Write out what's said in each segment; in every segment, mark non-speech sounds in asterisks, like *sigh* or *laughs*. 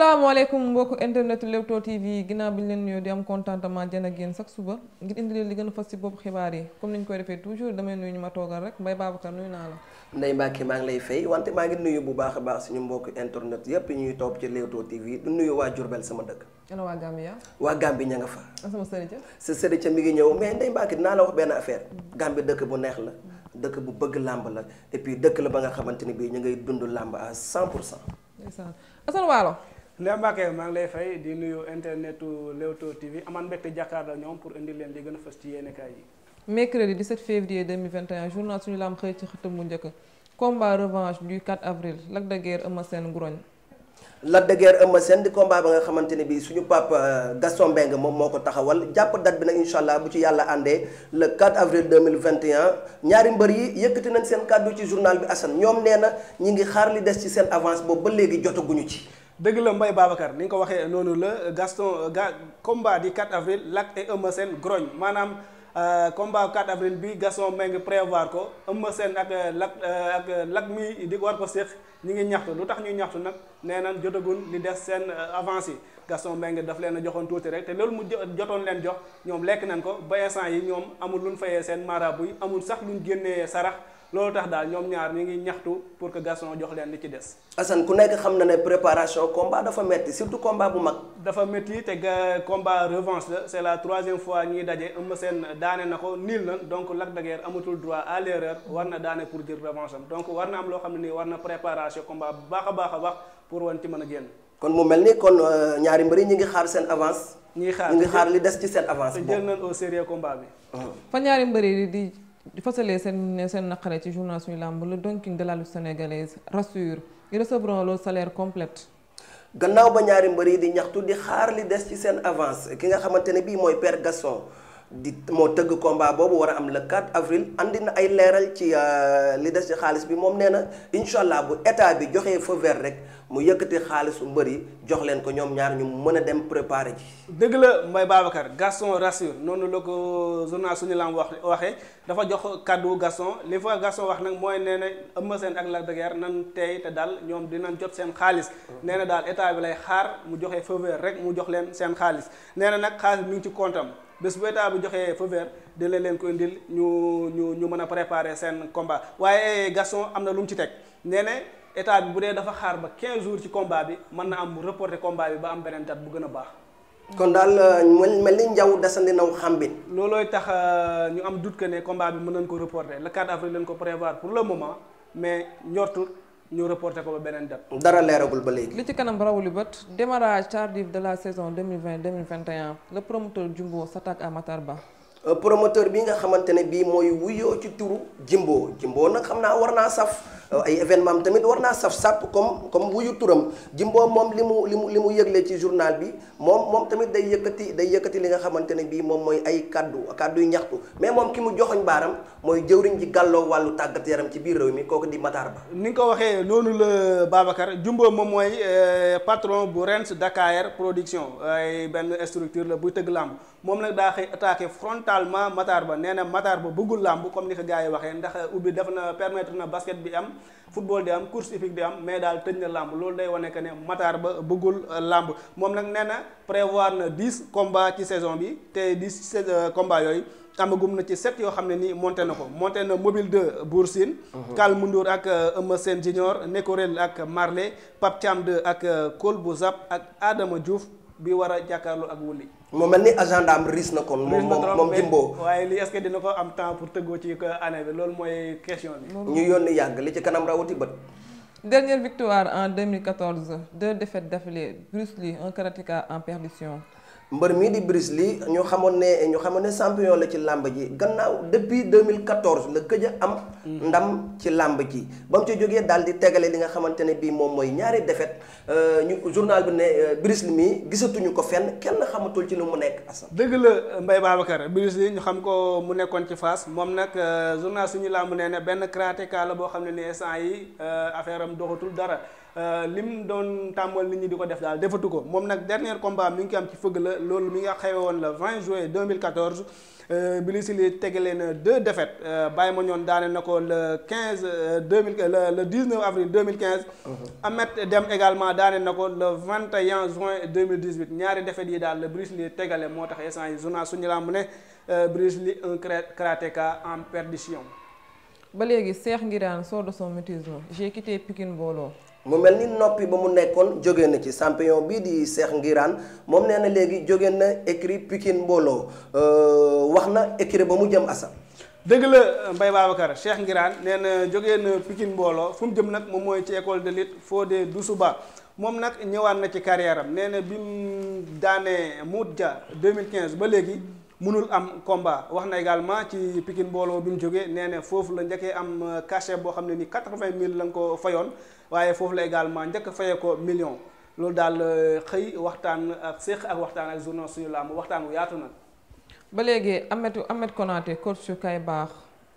asalaamaaleykum mbokk internet Leewtoo TV ginnaaw bi ñu leen nuyoo di am contentement jën ak yéen sax suba li gën a fas ci bopp xibaar yi comme ni ñu koy defee toujours naa la Ndeye Mbacke maa ngi lay fay wante maa ngi nuyu bu baax a baax suñu mbokku internet yépp ñuy topp ci Leewtoo TV du nuyu waa Diourbel sama dëkk ana waa Gambia waa Gambie nga fa ah, sama sëriñ sa ngi ñëw mais Ndeye Mbacke dinaa la wax benn affaire Gambie dëkk bu neex la dëkk bu bëgg làmb la et puis dëkk la ba nga xamante ni bii ñu ngay dund làmb a 100 pour cent Assane Waalo Ndeye Mbacke maa ngi lay fay di nuyu internetu Leewtoo TV amaan mbégte jàkkaarloo ñoom pour indi leen li gën a fës ci yéenekaay yi. mercredi 17 février 2021 journal suñu laam xëy ci xëtam bu njëkk combat revanche du 4 avril Lac de Guiers Eumeu Sène Grogne. Lac di combat ba nga xamante ne bii suñu papa euh, Gaston Mbengue moom moo ko taxawal jàpp date bi nag incha allah bu ci yàlla àndee le 4 avril 2021 ñaari mbër yi yëkkati nañ seen kàddu ci journal bi Assane ñoom nee na ngi xaar li des ci seen avance boobu ba léegi jotaguñu ci. dëgg la Mbaye Babacar ni nga ko waxee noonu la Gaston euh, ga combat di 4 avril Lac et Eumeu Sène grogne maanaam euh, combat 4 avril bi Gaston may ngi prévoir ko Eumeu Sène ak euh, Lac ak Lac mi di war ko séq ñi ngi ñaxtu lu tax ñuy ñaxtu nag nee na jotagun li des seen avance yi Gaston Mbengue daf leen a joxoon tuuti rek te loolu mu jotoon leen jox ñoom lekk nañ ko ba instant yi ñoom amul lu luñ fayee seen mara buy amul sax luñ génnee sarax loolu tax daal ñoom ñaar ñu ngi ñaxtu pour que Gaston jox leen li ci des. Assane ku nekk xam na ne préparation combat dafa métti surtout combat bu mag. dafa métti te ga combat revanche la c' la troisième fois ñuy daje Eumeu Sène daane na ko niil na donc Lac de amatul droit à l' erreur war na daane pour jël revanche am donc war na am loo xam ne nii war na préparation combat bu baax a baax a baax pour wan ci mën a génn. kon mu mel ni kon euh, ñaari mbëri ñi ngi xaar seen avance. ñi ngi xaar xaar li des ci seen avance. boobu te jël nañ au di fasalee seen seen naqare ci journal suñu làmb le donking de la lutte sénégalaise rassure ils recevront leur salaire complète gannaaw ba ñaari mbër yi di ñaxtu di xaar li des ci seen avance ki nga xamante ne bii mooy Père Gaston di moo tëgg komba boobu war a am le 4 avril andi na ay leeral ci euh, li des ci xaalis bi moom nee na incha allah bu état bi joxee feu rek mu yëkkati xaalisu mbër yi jox leen ko ñoom ñaar ñu mën a dem préparer ji. dëgg la Mbaye Babacar Gaston rassure noonu la ko journal suñu wax waxee dafa jox kàddu Gaston li wax nag mooy nee na Eumeu Sène ak Lac de nan tey te dal ñoom dinañ jot seen xaalis. nee na daal état bi lay xaar mu joxe feu vert mu jox leen seen nee na nag xaalis mi ngi ci compte bés bu état bu joxee feu vert dina leen ko indil ñu ñu ñu mën a préparer seen combat waaye eh, Gaston am na lu mu ci teg nee ne état bi bu dee dafa xaar ba 15 jours ci combat bi mën na am mu reporter combat bi ba am beneen date bu gën a baax. kon daal euh, mel mel ni njaw desandi naw xambin loolooy tax euh, ñu am dut que ne combat bi mën nañ ko reporter le 4 avril leen ko prévoir pour le moment mais njortu. ñu reporté ko beneen date. dara leeragul ba léegi. li ci kanam rawuli bët démarrage tardif de la saison 2020 2021 le promoteur Jumbo s'attaque à Matar Ba. Euh, promoteur bi nga xamante ne bii mooy wuyoo ci turu Jimbo Jimbo nag xam naa war naa saf. Euh, ay événement tamit war naa saf sàpp comme comme wuyu turam Jimbo moom li mu li mu li mu yëgle ci journal bi moom moom tamit day yëkkati day yëkkati li nga xamante ne bii moom mooy ay kàddu kaddu yu ñaxtu mais moom ki mu joxoñ baaram mooy jëwriñ ji gàlloo wàllu tàggat yaram ci biir réew mi kooku di Matar Ba. ni nga ko waxee noonu la Babacar Jumbo moom mooy euh, patron bu Rens Dakar production ay benn structure la buy tëgg làmb moom nag daa xëy attaqué frontalement Matar Ba nee na Matar Ba bëggul làmb comme ni ko gars yi waxee ndax ubbi def na permettre na basket bi am football di am course hippique di am mais daal tëj na làmb loolu day wane que ne Matar Ba bëggul euh, làmb moom nag nee na prévoir na dix combats ci saison bi te di dix euh, combats yooyu. amagum na ci set yoo xam ne nii monté na ko monté na mobile 2 Bour Sine mhm. Kal Mundur ak euh, Eumeu Sène Junior Nekorel ak Marley Pape Thiam 2 ak Kolbu Zap ak Adama Diouf bi war a jàkkaarloo ak Wuli moo mel ni agenda am riis na kon. moom moom Jimbo waaye li est-ce dina ko am temps pour tëggoo ci année bi loolu mooy question bi. ñu yónni yàgg li ci kanam rawati bët. dernière victoire en 2014 deux défaites d'affilée Bruce Lee un karatéka en perdition. mbër mii di Brice Lee ñu xamoon ne ñu xamoon ne champion la ci làmb ji gannaaw depuis 2014 la këj a am. ndam ci làmb ji. ba mu ci jógee daal di tegale li nga xamante ne bii moom mooy ñaari défaite euh, ñu journal bi ne euh, Brice Lee mii gisatuñu ko fenn kenn xamatul ci lu mu nekk Assane. dëgg la Mbaye Babacar Brice Lee ñu xam ko mu nekkoon ci Fass moom nag euh, journal suñu làmb nee na benn karateka la boo xam ne nii instant yi affaire am doxatul dara. Euh, lim doon tàmbal li ñi di ko def daal defatu ko moom nag dernier combat mi ngi ko am ci fëgg la loolu mi nga xewe woon la 20 juillet 2014 euh, Billy Silly tegale na deux bàyyi ma Mandione daane na ko le 15 2000 euh, le 19 avril 2015. Uh-huh. Ahmed Dem également daane na ko le 21 juin 2018 ñaari défaites yi daal la Billy Silly tegale moo tax instant yi journal suñu laa mu ne Billy Silly un karatéka en perdition. ba léegi Cheikh ngi sort de son mutisme j'ai quitté Pikine mu mel ni noppi ba mu nekkoon jóge na ci champion bii di Cheikh Ngiraan moom nee na léegi jóge na écrit pikin mbooloo euh, wax na écrit ba mu jëm asam dëgg la Mbaye Babacar Cheikh Ngiraan nee na jóge na Pikine mbooloo fu mu jëm nag moom mooy ci école de lutte Fodé Doussouba moom nag ñëwaat na ci carrière am na bi mu daanee Moutia 2015 ba léegi. mënul am combat wax na également ci Pikine mbooloo bi mu jógee nee na foofu la njëkkee am euh, cachet boo xam ne ni quatre-vingt mille la nga ko fayoon waaye foofu la également njëkk fayee ko million loolu daal euh, xëy waxtaan ak séq ak waxtaan ak journal suñu làmb waxtaan wu yaatu nag ba léegi Ahmed Ahmed Konaté coach Kay Baax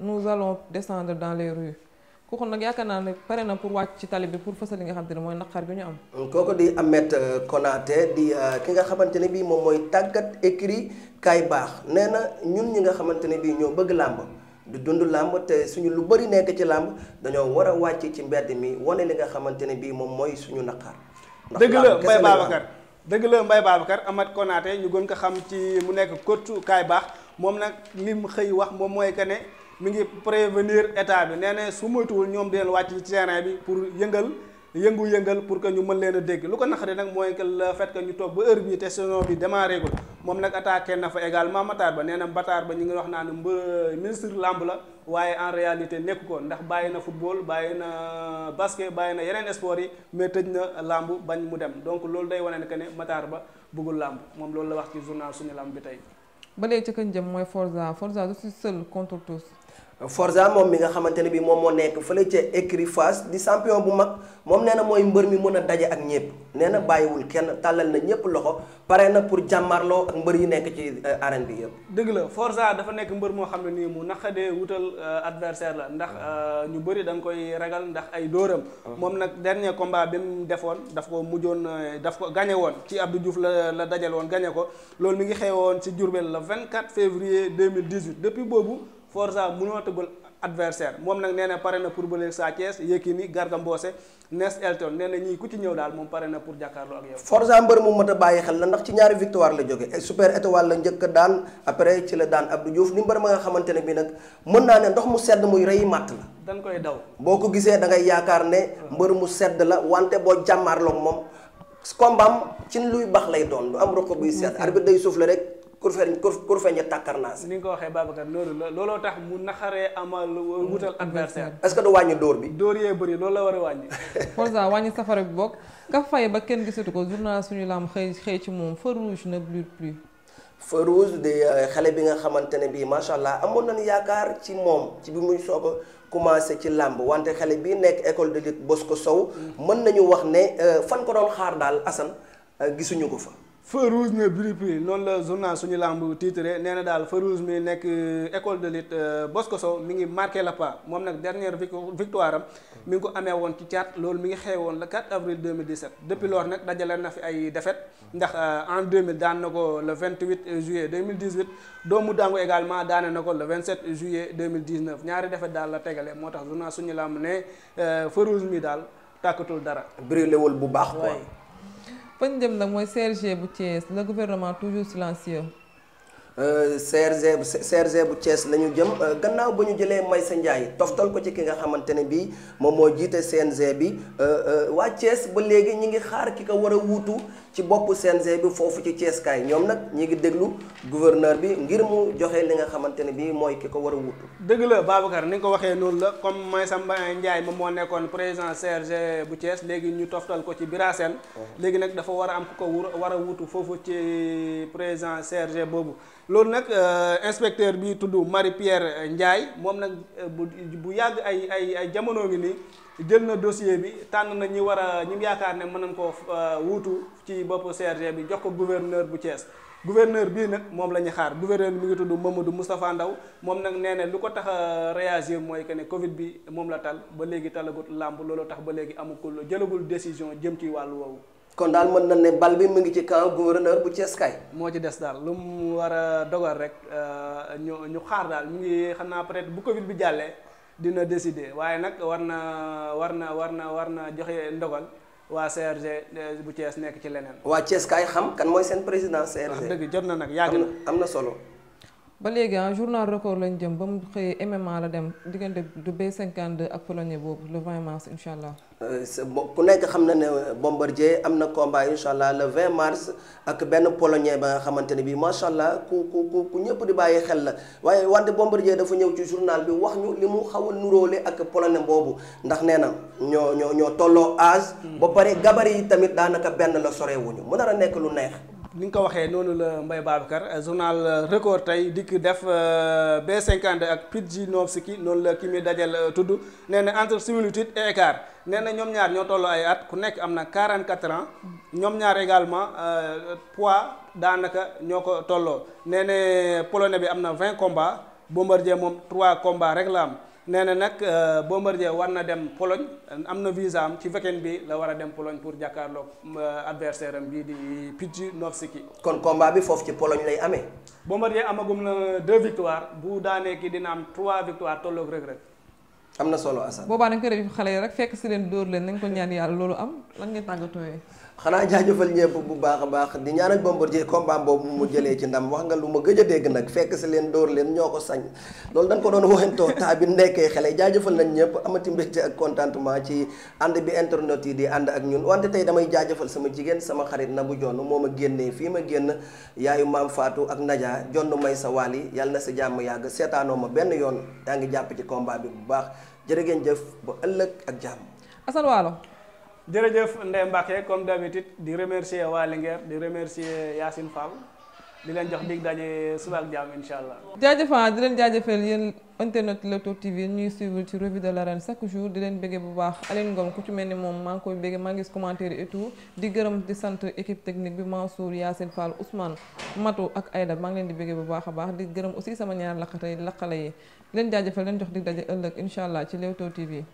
nous allons descendre dans les rues kooku nag yaakaar naa ne pare na pour wàcc ci tali bi pour fësal li nga xamante ne mooy naqar bi ñu am. Euh, kooku di Ahmed euh, Konaté di euh, ki nga xamante ne bii moom mooy tàggat écrit kaay baax nee na ñun ñi nga xamante ne bii ñoo bëgg làmb di dund làmb te suñu lu bëri nekk ci làmb dañoo war a wàcc ci mbedd mi wane li nga xamante ne bii moom mooy suñu naqar. dëgg la mbay Babacar dëgg la Mbaye Babacar Ahmed Konaté ñu gën ko xam ci mu nekk kottu kaay baax moom nag lim xëy wax moom mooy que ne. mu ngi prévenir état bi nee na su moytuwul ñoom di leen wàcc ci terrain bi pour yëngal yëngu-yëngal pour que ñu mën leen a dégg lu ko nax naqari nag mooy que fet fait que ñu toog ba heure bii te saison bi démarré gul moom nag attaqué na fa également Matar Ba nee na Matar Ba ñu ngi wax naan mba ministre làmb la waaye en réalité nekk ko ndax bàyyi na football bàyyi na basket bàyyi na yeneen sport yi mais tëj na làmb bañ mu dem donc loolu day wane ne que ne Matar Ba bëggul làmb moom loolu la wax ci journal suñu làmb bi tey. ba léegi ci kañ jëm mooy Forza Forza je suis seul Forza moom mi nga xamante ne bii moom moo nekk fële ca écurie Fass di champion bu mag moom nee na mooy mbër mi mën a daje ak ñëpp nee na bàyyiwul kenn tàllal na ñëpp loxo pare na pour jàmmarloo ak mbër yi nekk ci euh, arène bi yëpp. dëgg la Forza dafa nekk mbër moo xam ne nii mu naqadee wutal euh, adversaire la ndax mm. euh, ñu bari da nga koy ragal ndax ay dóoram. Mm. moom nag dernier combat bi mu defoon daf ko mujjoon daf ko gagné woon ci Abdou juuf la la dajal woon gagné ko loolu mu ngi xewoon ci Diourbel le 24 février 2018 depuis boobu. Forza mënoo tëggal adversaire moom nag nee pare na pour bële Sa Thiès Yékini Garga Mbossé Nes Elton nee na ñii ku ci ñëw daal moom pare na pour jàkkaarloo ak yow. Forza mbër mu mat a bàyyi xel la ndax ci ñaari victoire la jóge super étoile la njëkk daan après ci la daan Abdou Diouf ni mbër ma nga xamante ne bii nag mën naa ne ndox mu sedd muy rey màtt la. dañ koy daw boo ko gisee da ngay yaakaar ne. Ah. mbër mu sedd la wante boo jàmmaarloog moom. kombaam ci luy baax lay doon du am roko buy sedd arbitre day souffle rek. kurfeñ kurfeñ ya tàkkarnaase ni nga ko waxee Babacar loolu la looloo tax mu naxaree amal wutal adversaire est-ce que du wàññi dóor bi dóor yee bëri loolu la war a wàññi Forza *laughs* wàññi safara bi bokk nga fay ba kenn gisatu ko journal suñu lam xëy xëy ci moom feu rouge ne brûle plus feu rouge de euh, xale bi nga xamante ne bii macha allah amoon nañu yaakaar ci moom ci bi muy soog a commencé ci làmb wante xale bi nekk école de lutte ko Sow mm. mën nañu wax ne euh, fan ko doon xaar daal Assane euh, gisuñu ko fa feu rouge ne brûle plus noonu la journal suñu làmb titré nee na daal feu rouge nekk euh, école de lutte euh, Boscoso mi ngi marqué la pas moom nag dernière victoire am mi ngi ko amee woon ci caat loolu mi ngi xewoon le 4 avril 2017 depuis lors nag dajale na fi ay défaites ndax euh, en 2000 daan na ko le 28 juillet 2018 doomu dàngu également daane na ko le 27 juillet 2019 ñaari défaites daal la tegale moo tax journal suñu làmb ne feu rouge mi daal tàkkatul dara. brûlé wul bu baax fañ dem nag mooy CRG bu Thiès le gouvernement toujours silencieux. Euh, CRG bu bu Thiès la ñu jëm euh, gannaaw ba ñu jëlee sa Ndiaye toftal ko ci ki nga xamante ne bii moom moo jiite CNG bi euh, waa Thiès ba léegi ñi ngi xaar ki ko war a wuutu ci bopp CNG bi foofu ci Thiès kaay ñoom nag ñi ngi déglu gouverneur bi ngir mu joxe li nga xamante ne bii mooy ki ko war a wutu dëgg la ni nga ko waxee noonu la comme Maysamba Ndiaye moom moo nekkoon président CRG bu Thiès léegi ñu toftal ko ci Bira uh-huh. léegi nag dafa war a am ku ko war a wutu foofu ci président CRG boobu loolu nag euh, inspecteur bi tudd Marie Pierre Ndiaye moom nag euh, bu bu yàgg ay ay ay jamono ngi nii jël na dossier bi tànn na ñi war a ñi yaakaar ne mën nañ ko euh, wuutu ci bopp CRG bi jox ko gouverneur bu Thiès gouverneur bii nag moom la ñu xaar gouverneur mi ngi tudd Mamadou Moustapha Ndaw moom nag nee na lu ko tax a réagir mooy que ne Covid bi moom la tal ba léegi talagut làmb loolu tax ba léegi amukul jëlagul décision jëm ci wàllu woowu. kon daal mën na ne bal bi mu ngi ci camp gouverneur bu Thiès kay moo ci des daal lu mu war a dogal rek euh, ñu ñu xaar daal mu ngi xam peut-être bu Covid bi jàllee. dina décider waaye nag war na war na war na war na joxe ndogal waa CRG eh, bu Thiès nekk ci leneen. waa Thiès kaay xam kan mooy seen président CRG. dëgg jot na nag yàgg na am na solo. ba léegi ah journal record lañ jëm ba mu xëyee MMA la dem diggante du cinquante de ak polonais boobu le 20 mars incha allah. Euh, ku nekk xam na ne euh, Bombardier am na combat incha allah le 20 mars ak benn polonais ba nga xamante ne bii macha allah ku ku ku ñëpp di bàyyi xel la waaye wante Bombardier dafa ñëw ci journal bi wax ñu li mu xaw a nuróole ak polone boobu ndax nee na ñoo ñoo ñoo tolloo âge. Hmm. ba pare gabarit yi tamit daanaka benn la sorewuñu mu nar a nekk lu neex. ni nga ko waxee noonu la Mbaye Babacar journal record tey dikk def euh, B52 ak Pidjinovski noonu la ki muy dajal euh, tudd nee na entre similitude et écart nee na ñoom ñaar ñoo toll ay at ku nekk am na quarante 44 ans ñoom ñaar également euh, poids daanaka ñoo ko tolloo nee na polonais bi am na 20 combats Bombardier moom 3 combats rek la am. nee na nag euh, Bombardier war na dem poloñ am na visa am ci weekend bi la war a dem Pologne pour jàkkaarloog euh, adversaire am bii di picc Pudzianowski. kon combat bi foofu ci poloñ lay amee. Bombardier amagum na deux victoires bu daanee ki dina am trois victoires tolloog rek rek am na solo Assane boobaa dañ koy xale yi rek fekk si leen dóor leen ko ñaan yàlla loolu am lan ngeen tàggatooyee xanaa jaajëfal ñëpp bu baax a baax di ñaanal Bombardier combat boobu mu jëlee ci ndam wax nga lu ma gëj a dégg nag fekk si leen dóor leen ñoo ko sañ loolu dañ ko doon woyantoo temps bi nekkee xele jaajafal nañ ñëpp amati mbégte ak contentement ci ànd bi internet yi di ànd ak ñun wante tey damay jaajëfal sama jigéen sama xarit na bu jonn moo ma génnee fii ma génn yaayu maam Fatou ak Nadia jonn may sa waal yi na sa jàmm yàgg seetaanoo ma benn yoon yaa jàpp ci combat bi bu baax jërë ngeen jëf ba ëllëg ak jàmm. Assane Waalo. jërëjëf Ndeye Mbacke comme d'habitude di remercier waa di remercier Yacine Fall. di leen jox dig daje suba ak jàmm incha allah. jaajëfal di leen jaajëfal yéen internet Leewtoo TV ñuy suivre ci revue de l'arène chaque jour di leen bëggee bu baax Aline Ngom ku ci mel moom maa ngi koy bëggee maa ngi gis commentaire di gërëm di sant équipe technique bi Mansour Yacine Fall Ousmane Matou ak Aïda maa ngi leen di bëggee bu baax a baax di gërëm aussi sama ñaar laqatay laqale yi di leen jaajëfal leen jox dig daje ëllëg incha allah ci Leewtoo TV.